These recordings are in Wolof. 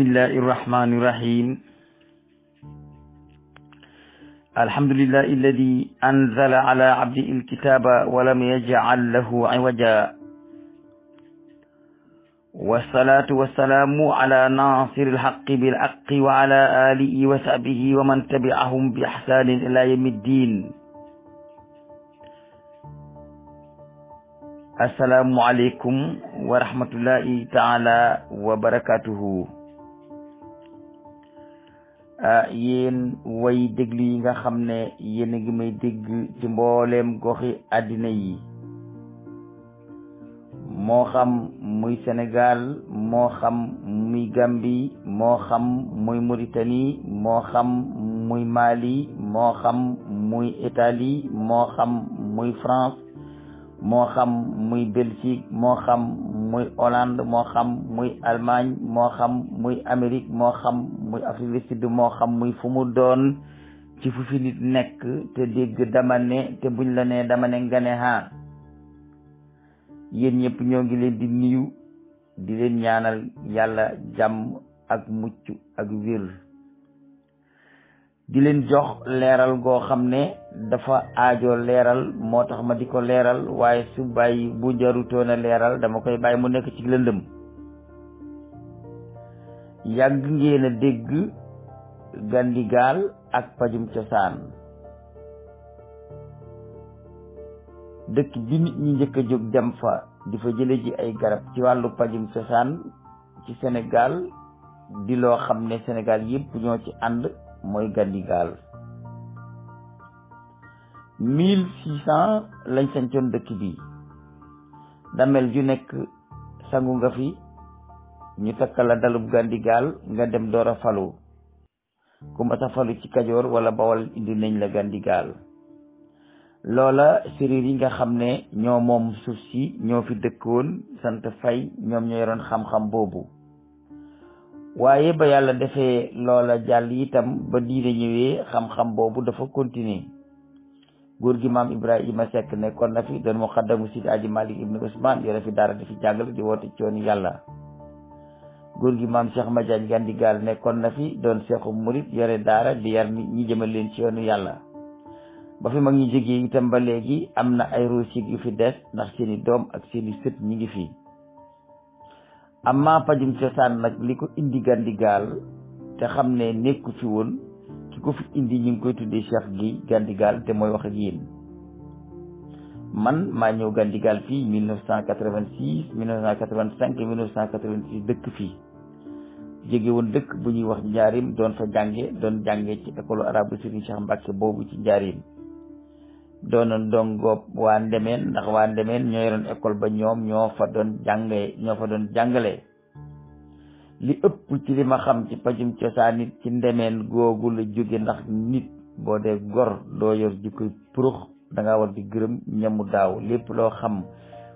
بسم الله الرحمن الرحيم الحمد لله الذي أنزل على عبده الكتاب ولم يجعل له عوجا والصلاة والسلام على ناصر الحق بالحق وعلى آله وصحبه ومن تبعهم بإحسان إلى يوم الدين السلام عليكم ورحمة الله تعالى وبركاته Ah, yéen way déglu yi nga xam ne yéen a ngi may dégg ci mbooleem goxi àddina yi moo xam muy Sénégal moo xam muy Gambie moo xam muy Mauritanie moo xam muy Mali moo xam muy Italie moo xam muy France moo xam muy Belgique moo xam muy Hollande moo xam muy Allemagne moo xam muy Amérique moo xam muy Afrique du Sud moo xam muy fu mu doon ci fu fi nit nekk te dégg dama te buñ la nee damane ne nga ne haa yéen ñëpp ñoo ngi leen di nuyu di leen ñaanal yàlla jàmm ak mucc ak wér di leen jox leeral goo xam ne dafa aajo leeral moo tax ma di ko leeral waaye su bàyyi bu a leeral dama koy bàyyi mu nekk ci lëndëm yàgg ngeen a dégg gandigaal ak pajum cosaan dëkk bi nit ñi njëkk a jóg dem fa di fa jële ji ay garab ci wàllu pajum cosaan ci Sénégal di loo xam ne Sénégal yëpp ñoo ci ànd mooy gandigaal mille six lañ sancoon dëkk bi damel ju nekk sangu nga fi ñu takkala dalub gandigaal nga dem door a falu ku sa falu ci kajoor wala bawal indi nañ la gàndigaal loola séréer yi nga xam ne ñoo moom suuf si ñoo fi dëkkoon sant fay ñoom ñoo yoroon xam-xam boobu waaye ba yàlla defee loola jàll itam ba diine ñëwee xam-xam boobu dafa continuer góor gi maam Ibrahima Seck nekkoon na fi doon muqaddamu Sidi Aji Malik ibnu Ousmane yore fi daara di fi jàngale di woote cooni yàlla gi maam Cheikh Madiagne Gandigal nekkoon na fi doon seexu murit yore daara di yar ñi jëmal leen ci yoonu yàlla ba fi mag ñi jógee itam ba léegi am na ay ruusig yu fi des ndax seeni doom ak seeni sët ñi ngi fii amma pajum cosaan nag li ko indi Gandigaal te xam ne nekku fi woon ki ko fi indi ñu ngi koy tuddee Cheikh Guèye Gandigaal te mooy wax ak yéen man maa ñëw Gandigaal fii 1986 1985 1986 dëkk fii jóge woon dëkk bu ñuy wax njaarim doon fa jànge doon jànge ci école arabe Serigne Cheikh Mbacke boobu ci njaarim doonoon dongob waa ndemeen ndax waa ndemeen ñoo yoroon école ba ñoom ñoo fa doon jàngee ñoo fa doon jàngale li ëpp ci li ma xam ci pajum cosaan it ci ndemeen googu la jóge ndax nit boo dee gor doo yor jikkoy purux da war di gërëm ñamu daaw lépp loo xam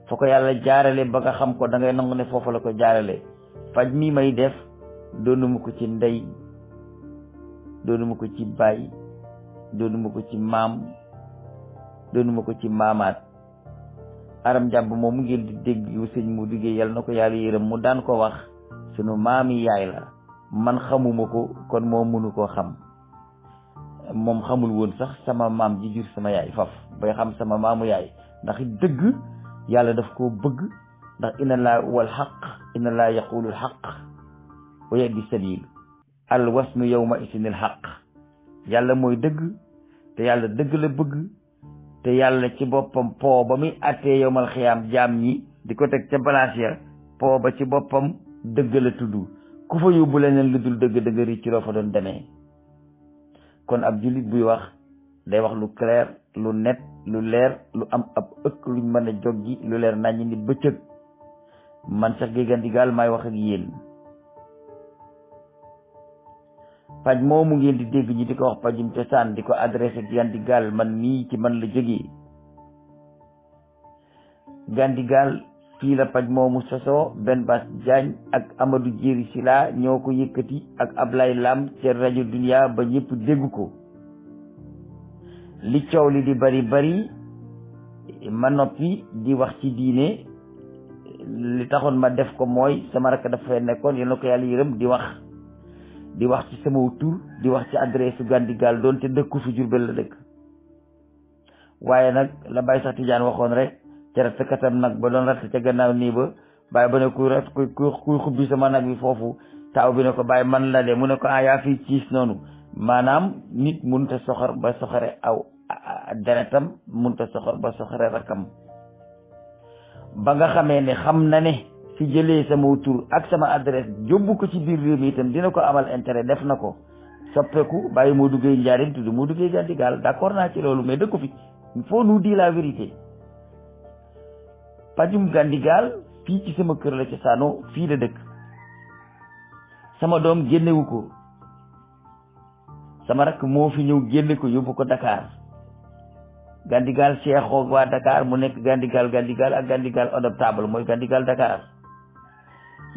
foo ko yàlla jaarale ba nga xam ko dangay nangu ne foofu la ko jaarale faj mi may def doonuma ko ci ndey doonuma ko ci baay doonuma ko ci maam doonuma ko ci maamaat aram jàmb moom mu ngeen dégg yu sëñ mu duggee yal na ko yàlla yërëm mu daan ko wax sunu maami yaay la man xamuma ko kon moom mënu koo xam moom xamul woon sax sama maam ji jur sama yaay faf booy xam sama maamu yaay ndax dëgg yàlla daf koo bëgg ndax inna laa wal xaq inna laa yaqulul xaq wa yaddi sabil al wasnu yawma isinil xaq yàlla mooy dëgg te yàlla dëgg la bëgg te yalla ci bopam po ba muy attee yowmal khiyam jam ñi di tek ci balance ya po ba ci bopam deug la tuddu ku fa yobul leneen lu dul deug dëgg doon kon ab julit buy wax day wax lu clair lu net lu leer lu am ab ëkk luñ mëna a lu leer nañ ni bëccëk man sax gal may wax ak yeen paj moomu ngeen di dégg ñi di ko wax pajum cosaan di ko adressé gàndigaal man nii ci man la jógee gàndigaal fii la paj moomu sosoo benn bas Diagne ak Amadou Sila ñoo ko yëkkati ak Ablaye Lam ci rajo Dunia ba ñëpp dégg ko li coow li di bari bari ma noppi di wax ci diine li taxoon ma def ko mooy sama rakk dafa nekkoon yéen ko yàlla yërëm di wax di wax ci sama tur di wax ci adresse gaal Gandigal doonte dëkku su Jurbel la dëkk waaye nag la Baye Cheikh Tidiane waxoon rek ca ratt katam nag ba doon ratt ca gannaaw nii ba bàyyi ba ne kuy rat kuy kuy xubbi sama nag bi foofu taaw bi ne ko bàyyi man la de mu ne ko ah yaa fii ciis noonu maanaam nit munta soxor ba soxore aw deretam munta soxor ba soxore rakam ba nga xamee ne xam na ne fi jëlee sama tur ak sama adresse yóbbu ko ci biir réew mi itam dina ko amal intérêt def na ko soppeeku bàyyi moo duggee njaarim tudd moo duggee gandigaal d'accord naa ci loolu mais dëkku fi il faut nous dire la vérité pajum gandigaal fii ci sama kër la ci saano fii la dëkk sama doom génnewu ko sama rakk moo fi ñëw génne ko yóbbu ko Dakar gandigaal seexoo waa dakaar mu nekk gandigaal gandigaal ak gandigaal adoptable mooy gandigaal Dakar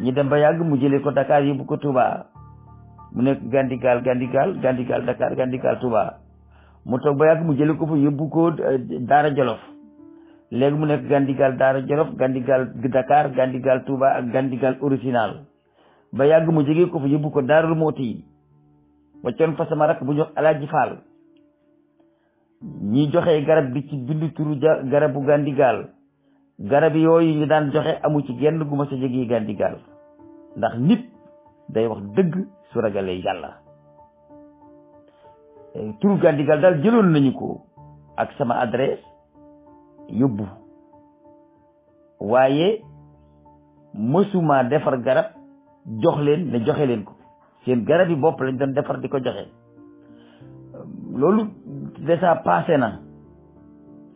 ñu dem ba yàgg mu jëlee ko Dakar yóbbu ko Touba mu nekk Gandigal Gandigal Gandigal Dakar Gandigal Touba mu toog ba yàgg mu jële ko fa yóbbu ko eh, Daara Jolof léegi mu nekk Gandigal Daara Jolof Gandigal Dakar Gandigal Touba ak Gandigal original ba yàgg mu jege ko fa yóbbu ko Daarul Mooti ba coon fa sama rakk bu ñu wax Alaaji Faal ñi joxe garab bi ci bind turu garabu Gandigal garab yooyu ñu daan joxe amu ci genn gu ma sa jege gaan di gaal ndax nit day wax dëgg su ragalee yàlla turu gàndigal daal jëloon nañu ko ak sama adresse yóbbu waaye mësuma defar garab jox leen ne joxe leen ko seen garab yi bopp lañ doon defar di ko joxe loolu déjà passé na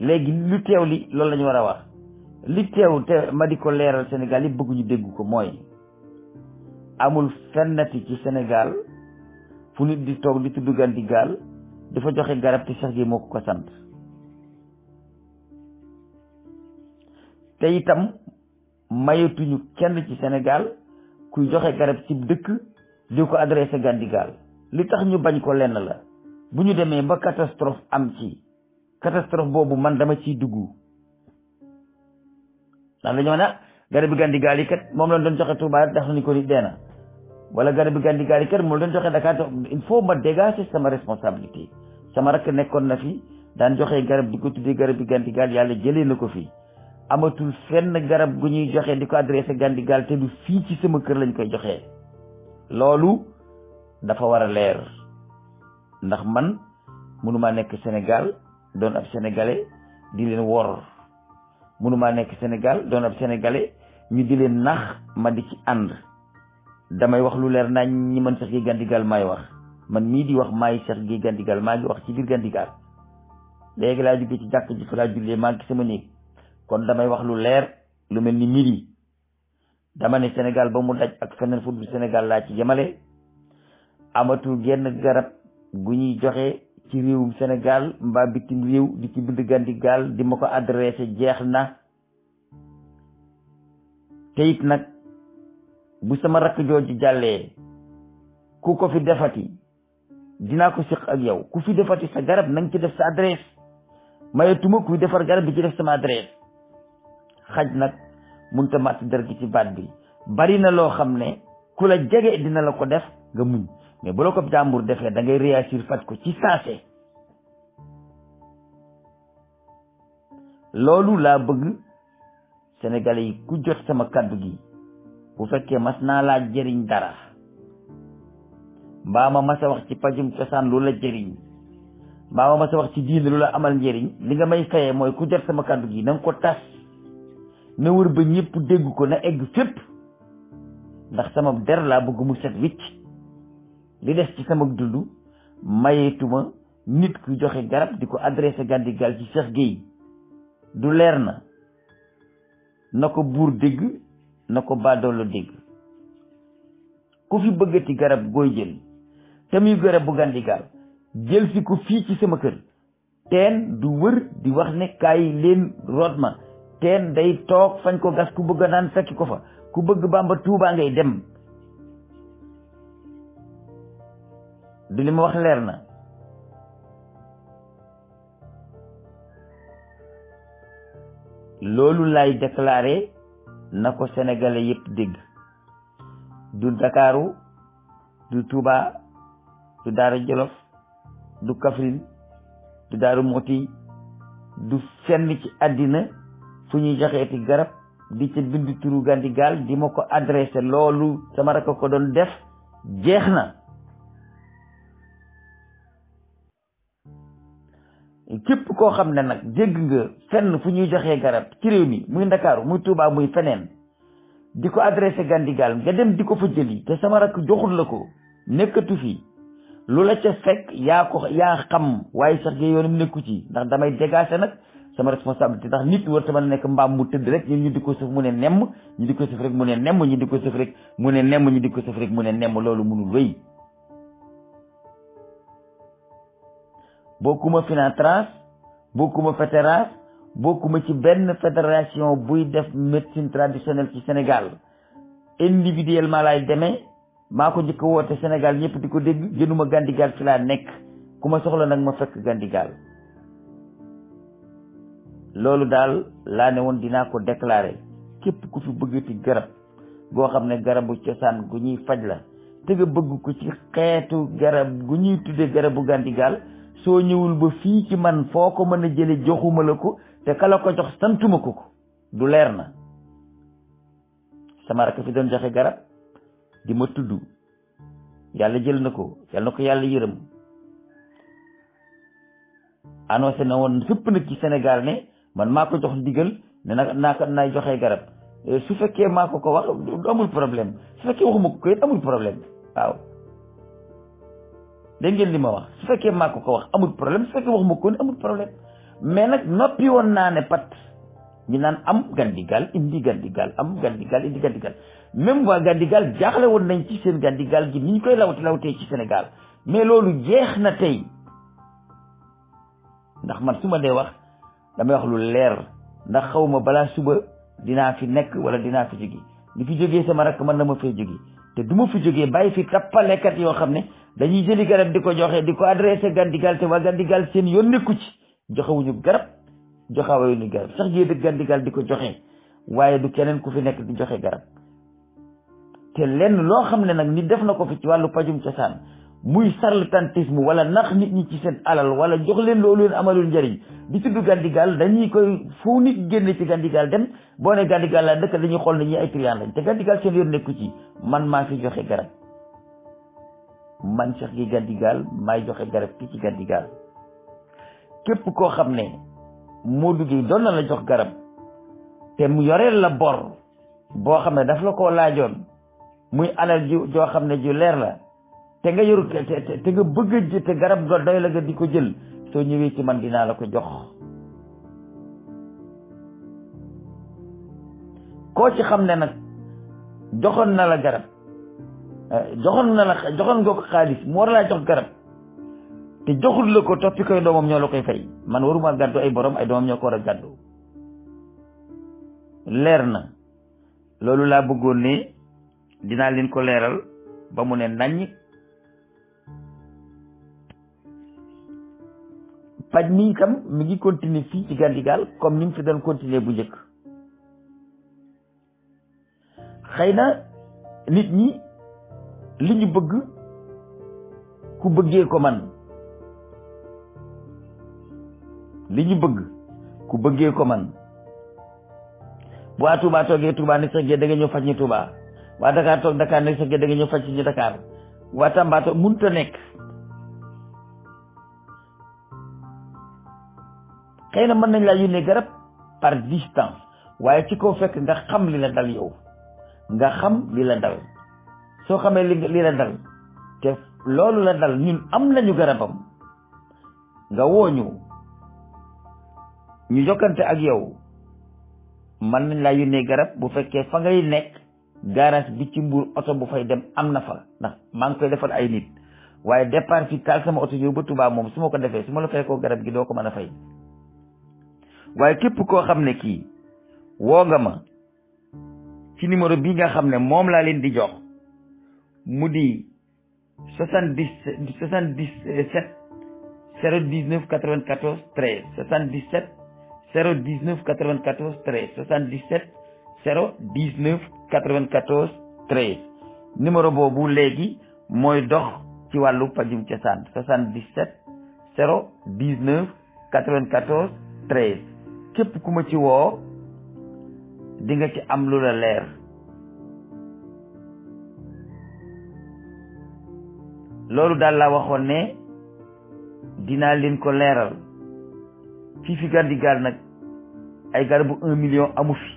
léegi lu teew li loolu lañu ñu war a wax li teew te ma di ko leeral Sénégal yi bëgguñu dégg ko mooy amul fennati ci Sénégal fu nit di toog di tudd Gandigaal dafa joxe garab te Cheikh Gueye moo ko ko sant te itam mayetuñu kenn ci Sénégal kuy joxe garab ci dëkk di ko adressé Gandigaal li tax ñu bañ ko lenn la bu ñu demee ba catastrophe am ci catastrophe boobu man dama ciy duggu Nanti mana? Gara berganti-galikan, mau melondon coklat tu barat dah sunik kulit dana. Walau gara berganti-galikan, melondon coklat dah kato, info madega sama responsibility. Sama rakan nekon nafi, dan joxe garab di ko tudde garab bi gandigal yalla jele nako tu sen negara garab gu di ko diko ganti gandigal tu du fi ci sama kër lañ koy joxe lolu dafa wara ler. ndax man mënuma nek sénégal doon ab sénégalais di leen munuma nek senegal doon ab senegalais ñu di leen nax ma di ci and damay wax lu leer na ñi man sax Gandigal may wax man mi di wax may sax gi Gandigal ma gi wax ci bir Gandigal legui la jikko ci jakk ji fala julle ma maa sama nek kon damay wax lu leer lu melni midi dama ne senegal ba mu daj ak fenen football senegal la ci amatu genn garab guñuy ci réewum Sénégal mbaa bitim réew di ci bind Gandigaal di ma ko adressé jeex na te it nag bu sama rakk jooju jàllee ku ko fi defati dinaa ko siq ak yow ku fi defati sa garab nang ci def sa adresse mayatuma kuy defar garab di ci def sama adresse xaj nag munta màtt dër gi ci baat bi bari na loo xam ne ku la jege dina la ko def nga muñ mais bu la ko jàmbur defee da ngay réagir fat ko ci saase loolu laa bëgg sénégalais yi ku jot sama kaddu gi bu fekkee mas naa laa jëriñ dara mbaa ma mas a wax ci pajum cosaan lu la jëriñ mbaa ma mas a wax ci diine lu la amal njëriñ li nga may fayee mooy ku jot sama kortas, gi na nga ko tas na wër ba ñëpp dégg ko na egg fépp ndax sama der laa bëgg mu set wicc li des ci sama dundu mayetuma nit ku joxe garab diko adresser gandi gal ci Cheikh Gueye du leer na na ko buur dégg ku fi bëggati garab goy jël te muy garab bu gal jël si ku fi ci sama keur ten du wër di wax ne kay len rodma ten day tok fañ ko gas ku bëgg nan fekki ko fa ku bëgg bamba touba ngay dem du li ma wax leer na loolu lay déclaré na ko sénégalais yépp dégg du Ndakaaru du tuuba du Daara Jolof du Kaffrine du Daaru Moti du fenn ci àddina fu ñuy joxeeti garab di ca bind turu Gandigal di ma ko adressé loolu sama rakk ko doon def jeex na képp koo xam ne nag dégg nga fenn fu ñuy joxee garab ci réew mi muy ndakaaru muy Touba muy feneen di ko adressé Gandigal nga dem di ko fa jëli te sama rakk joxul la ko nekkatu fi lu la ca fekk yaa ko yaa xam waaye sax nga yoonam nekku ci ndax damay dégager nag sama responsabilité ndax nit war ta mën a nekk mbaam mu tëdd rek ñun ñu di ko mu ne nemm ñu di ko sëf mu ne nemm ñu di ko sëf rek mu ne nemm ñu di ko sëf rek mu ne nemm loolu mënul wéy bokkuma FENATRAS bokkuma FETERAS bokkuma ci benn fédération buy def médecine traditionnelle ci Sénégal individuellement laay demee maa ko njëkk woote Sénégal ñëpp di ko dégg jënuma Gandigal ci laa nekk ku ma soxla nag ma fekk Gandigal loolu daal laa ne woon dinaa ko déclarer képp ku fi bëggati garab goo xam ne garabu cosaan gu ñuy faj la te nga bëgg ko ci xeetu garab gu ñuy tuddee garabu Gandigal soo ñëwul ba fii ci man foo ko mën a jële joxuma la ko te kala ko jox santuma ko ko du leer na sama rakk fi doon joxe garab di ma tudd yàlla jël na ko yàlla na ko yàlla yërëm annoncé na woon fépp nag ki Sénégal ne man maa ko jox ndigal ne na naa ko naay joxe garab eh, su fekkee maa ko ko wax du amul problème su fekkee waxuma ko ko it amul problème waaw dégg ngeen li ma wax su fekkee maa ko ko wax amul problème su fekkee wax ma ko ni amul problème mais nag noppi woon naa ne pat ñu naan am gandigal indi gandigal am gandigal indi gandigal même waa gandigal jaaxle woon nañ ci seen gandigal gi ni ñu koy lawte lawtee ci Sénégal mais loolu jeex na tey ndax man su dee wax damay wax lu leer ndax xaw ma balaa suba dinaa fi nekk wala dinaa fi jóge li fi jógee sama rakk man na ma fay jóge te du ma fi jógee bàyyi fi tappalekat yoo xam ne dañuy jëli garab di ko joxe di ko adressé Gandigal te waa Gandigal seen yoon nekku ci joxewuñu garab joxewuñu garab sax jee dëkk Gandigal di ko joxe waaye du keneen ku fi nekk di joxe garab te lenn loo xam ne nag nit def na ko fi ci wàllu pajum cosaan muy charlatanisme wala nax nit ñi ci seen alal wala jox leen loolu leen amalul njëriñ bi tuddu gandigal dañuy koy fu nit génne ci gandigal dem boo ne gandigal la dëkk dañuy xool ne ñi ay client lañ te gandigal seen yoon nekku ci man maa fi joxe garab man Cheikh gi gandigal may joxe garab ci gandigal képp koo xam ne moo duggee doon na la jox garab te mu yoreel la bor boo xam ne daf la koo laajoon muy alal ji joo xam ne ju leer la te nga yoru te nga bëgg te garab ga doy nga di ko jël soo ñëwee ci man dinaa la ko jox koo ci xam ne nag joxoon na la garab eh, joxoon na la joxoon nga ko xaalis mu war laa jox garab te joxul la ko toppi koy doomam ñoo la koy fay man waruma gàddu ay borom ay doomam ñoo ko war a gàddu leer na loolu laa bëggoon ne dinaa leen ko leeral ba mu ne naññ paj mi itam mu ngi continuer fii ci Gandigal comme ni mu fi doon continuer bu njëkk xëy na nit ñi li ñu bëgg ku bëggee ko man li ñu bëgg ku bëggee ko man bu waa Touba toogee Touba nekk sa gee da nga ñëw faj ñu Touba waa Dakar toog Dakar nekk sa gee da ñëw faj ñu Dakar waa Tamba toog mënut nekk xëy na mën nañ laa yónnee garab par distance waaye ci kaw fekk nga xam li la dal yow nga xam li la dal soo xamee li li la dal te loolu la dal ñun am nañu garabam nga wooñu ñu jokkante ak yow mën nañ laa yónnee garab bu fekkee fa ngay nekk garage bi ci mbuur oto bu fay dem am na fa ndax maa ngi koy defal ay nit waaye départ fi taal sama oto ñëw ba Tuubaa moom su ma ko defee su ma la fay koo garab gi doo ko mën a fay waaye képp koo xam ne kii woo nga ma ci numéro bi nga xam ne moom laa leen di jox mu di soixante dix soixante dix sept zéro dix neuf quatre vingt quatorze treize soixante dix sept zéro dix neuf quatre vingt quatorze treize numéro boobu léegi mooy dox ci wàllu pajum cosaan soixante dix sept zéro dix neuf quatre vingt quatorze treize képp ku ma ci woo dinga ci am lu la leer loolu daal la waxoon ne dinaa leen ko leeral fii fi Gandigaal nag ay garabu un million amu fi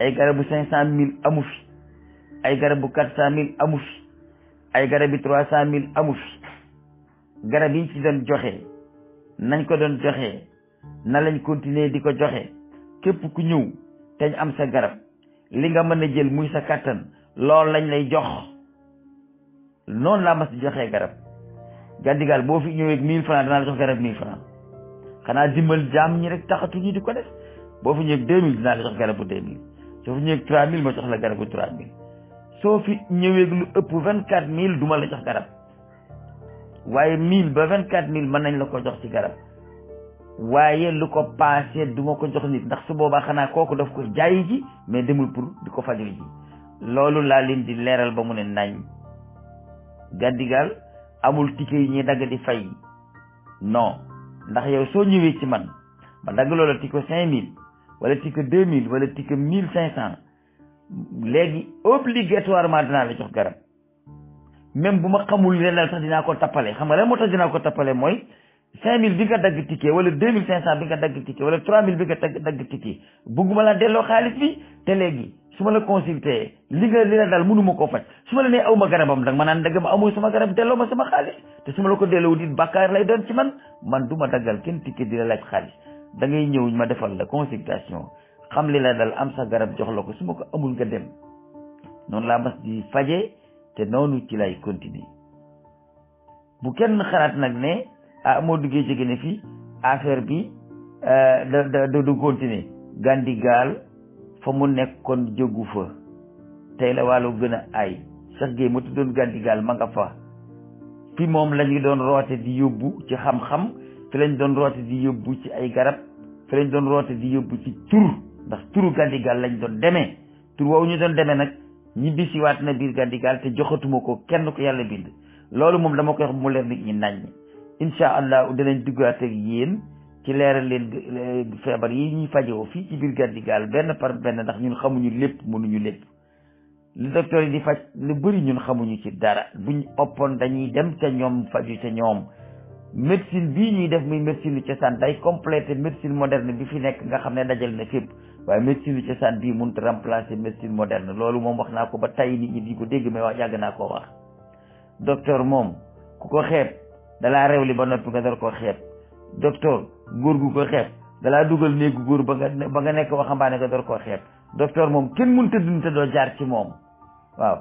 ay garabu cinq cent mille amu fi ay garabu quatre cent mille amu fi ay garabi trois cent mille amu fi garab yi ñu ci doon joxe nañ ko doon joxe na lañ continuer di ko joxe képp ku ñëw te ñu am sa garab li nga mën a jël muy sa kàttan loolu lañ lay jox noonu laa ma di joxee garab gàddigaal boo fi ñëwee mille francs danaa la jox garab mille francs xanaa dimbal jaam ñi rek taxatu ñu di ko def boo fi ñëwee deux mille dinaa la jox garabu deux mille soo fi ñëwee trois mille ma jox la garabu trois mille soo fi ñëwee lu ëpp vingt quatre mille du ma la jox garab waaye mille ba vingt quatre mille mën nañ la ko jox ci waaye lu ko passé du ma ko jox nit ndax su boobaa xanaa kooku daf ko jaay ji mais demul pour di ko fajo ji loolu laa leen di leeral ba mu ne nañ gàddigaal amul ticket yi ñuy dagg di fay non ndax yow soo ñëwee ci man ma dagg loola ticket cinq mille wala ticket deux mille wala ticket mille cinq cent léegi ma dinaa la jox garab même bu ma xamul leneen sax dinaa ko tappale xam nga lan moo tax dinaa ko tappale mooy cinq mille bi nga dagg ticket wala deux mille cinq cent bi nga dagg ticket wala trois mille bi nga dagg dagg ticket bëgguma la delloo xaalis bi te léegi su ma la consulté li nga li la daal mënuma koo faj su ma la nee aw ma garabam nag ma naan dagg ma amul sama garab delloo ma sama xaalis te su ma la ko delloo dit bàkkaar lay doon ci man man duma ma daggal kenn ticket di la laaj xaalis da ngay ñëw ma defal la consultation xam li la dal am sa garab jox la ko su ma ko amul nga dem noonu laa mas di te noonu ci lay continuer bu kenn xalaat nag ah moo duggee jege ne fi affaire bi eh, da da da du continuer Gandigaal fa mu nekkoon jógu fa tey la wàllu gën a ay Cheikh Gueye ma tuddoon Gandigaal ma nga fa fi moom lañu doon roote di yóbbu ci xam-xam fi lañ doon roote di yóbbu ci ay garab fi lañ doon di yóbbu ci tur ndax turu Gandigaal lañ doon demee tur woowu ñu doon demee nag ñibbi siwaat na biir Gandigaal te joxatuma ko kenn ko yàlla bind loolu moom dama koy wax mu leer nit ñi nañ incha allah dinañ duggaat ak yéen ci leeral leen feebar yi ñuy fajoo fii ci biir gaal benn par benn ndax ñun xamuñu lépp mënuñu lépp li docteur yi di faj lu bëri ñun xamuñu ci dara buñ oppoon dañuy dem ca ñoom faju ca ñoom médecine bii ñuy def muy médecine lu cosaan day complété médecine moderne bi fi nekk nga xam ne dajal na fépp waaye médecine lu cosaan bii mënut a remplacer médecine moderne loolu moom wax naa ko ba tey nit ñi di ko dégg mais wax yàgg naa koo wax moom dalaa réew li ba noppi nga dal koo xeeb docteur góor gu ko xeeb dalaa dugal néegu góor ba nga ba nga nekk waxambaane nga dal koo xeeb docteur moom kenn mënta dund te doo jaar ci moom waaw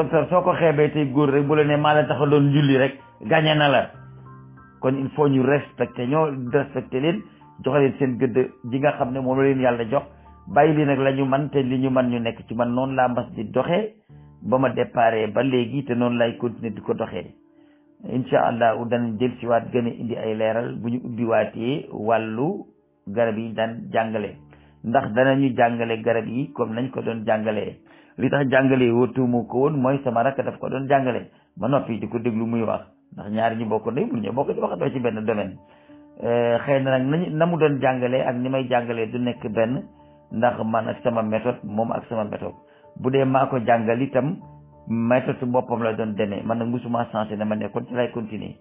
waaw soo ko xeebee tey góor rek bu la ne maa la tax a doon julli rek gagné na la kon il faut ñu respecté ñoo respecté leen joxe seen gëdd ji nga xam ne moom la leen yàlla jox bàyyi li nag la ñu man te li ñu man ñu nekk ci man noonu laa mas di doxee ba ma déparé ba léegi te noonu lay continuer di ko doxee incha allah danañ jël si waat gën a indi ay leeral bu ñu ubbiwaatee wàllu garab yi daan jàngale ndax danañu jàngale garab yi comme nañ ko doon jàngalee li tax jàngalee wóotumu ko woon mooy sama rakk daf ko doon jàngale ba noppi di ko déglu muy wax ndax ñaari ñu bokk ndey bu ñu bokk di waxatoo ci benn domaine eh, xëy na nag na mu doon jàngale ak ni may jàngalee du nekk benn ndax man ak sama méthode moom ak sama méthode bu dee maa ko jàngal itam méthode boppam la doon demee man nag mosuma changé dama nekkoon ci lay continuer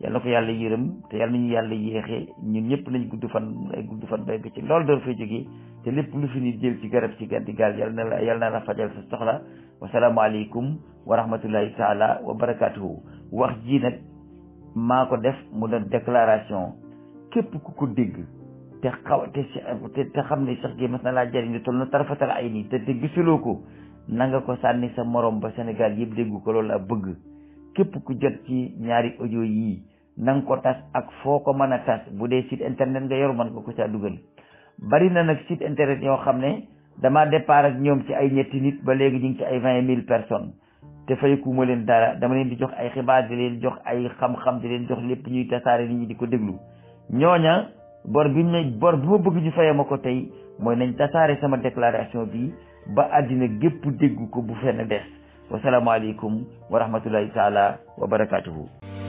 yàlla ko yàlla yërëm te yàlla ñu yàlla yéexe ñun ñëpp nañ gudd fan ay gudd fan bay ci loolu door fay jógee te lépp lu fi ni jël ci garab ci gàddi gaal yàlla na la yàlla na la fajal sa soxla wasalaamaaleykum wa rahmatullahi taala wa barakaatuhu wax ji nag maa ko def mu doon déclaration képp ku ko dégg te xaw te te xam ne sax gi mas na laa jëriñ lu toll na tarafatal ay nii te ko na nga ko sànni sa morom ba Sénégal yëpp déggu ko loolu la bëgg képp ku jot ci ñaari audio yii na ko tas ak foo ko mën a tas bu dee site internet nga yor man ko ko caa dugal bari na nag site internet yoo xam ne dama départ ak ñoom ci ay ñetti nit ba léegi ñu ngi ci ay vingt mille personnes te fay ku leen dara dama leen di jox ay xibaar di leen jox ay xam-xam di leen jox lépp ñuy tasaare nit ñi di ko déglu ñooña bor bi ma bor bi ma bëgg ñu fayee ma ko tey mooy nañ tasaare sama déclaration bi ba àddina gépp dégg ko bu fenn des wasalaamualeykum wa rahmatullahi taala wa barakatuhu